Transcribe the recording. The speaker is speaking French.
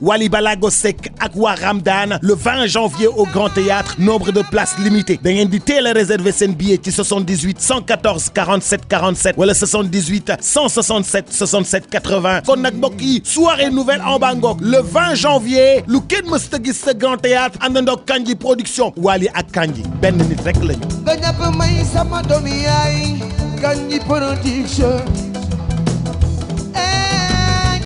Wali Balago Ramdan le 20 janvier au Grand Théâtre nombre de places limitées da ngeen les réserver 78 114 47 47 le 78 167 67 80 kon soirée nouvelle en Bangkok le 20 janvier lu Grand Théâtre Kangi production Wali ak Kanji Ben nit production.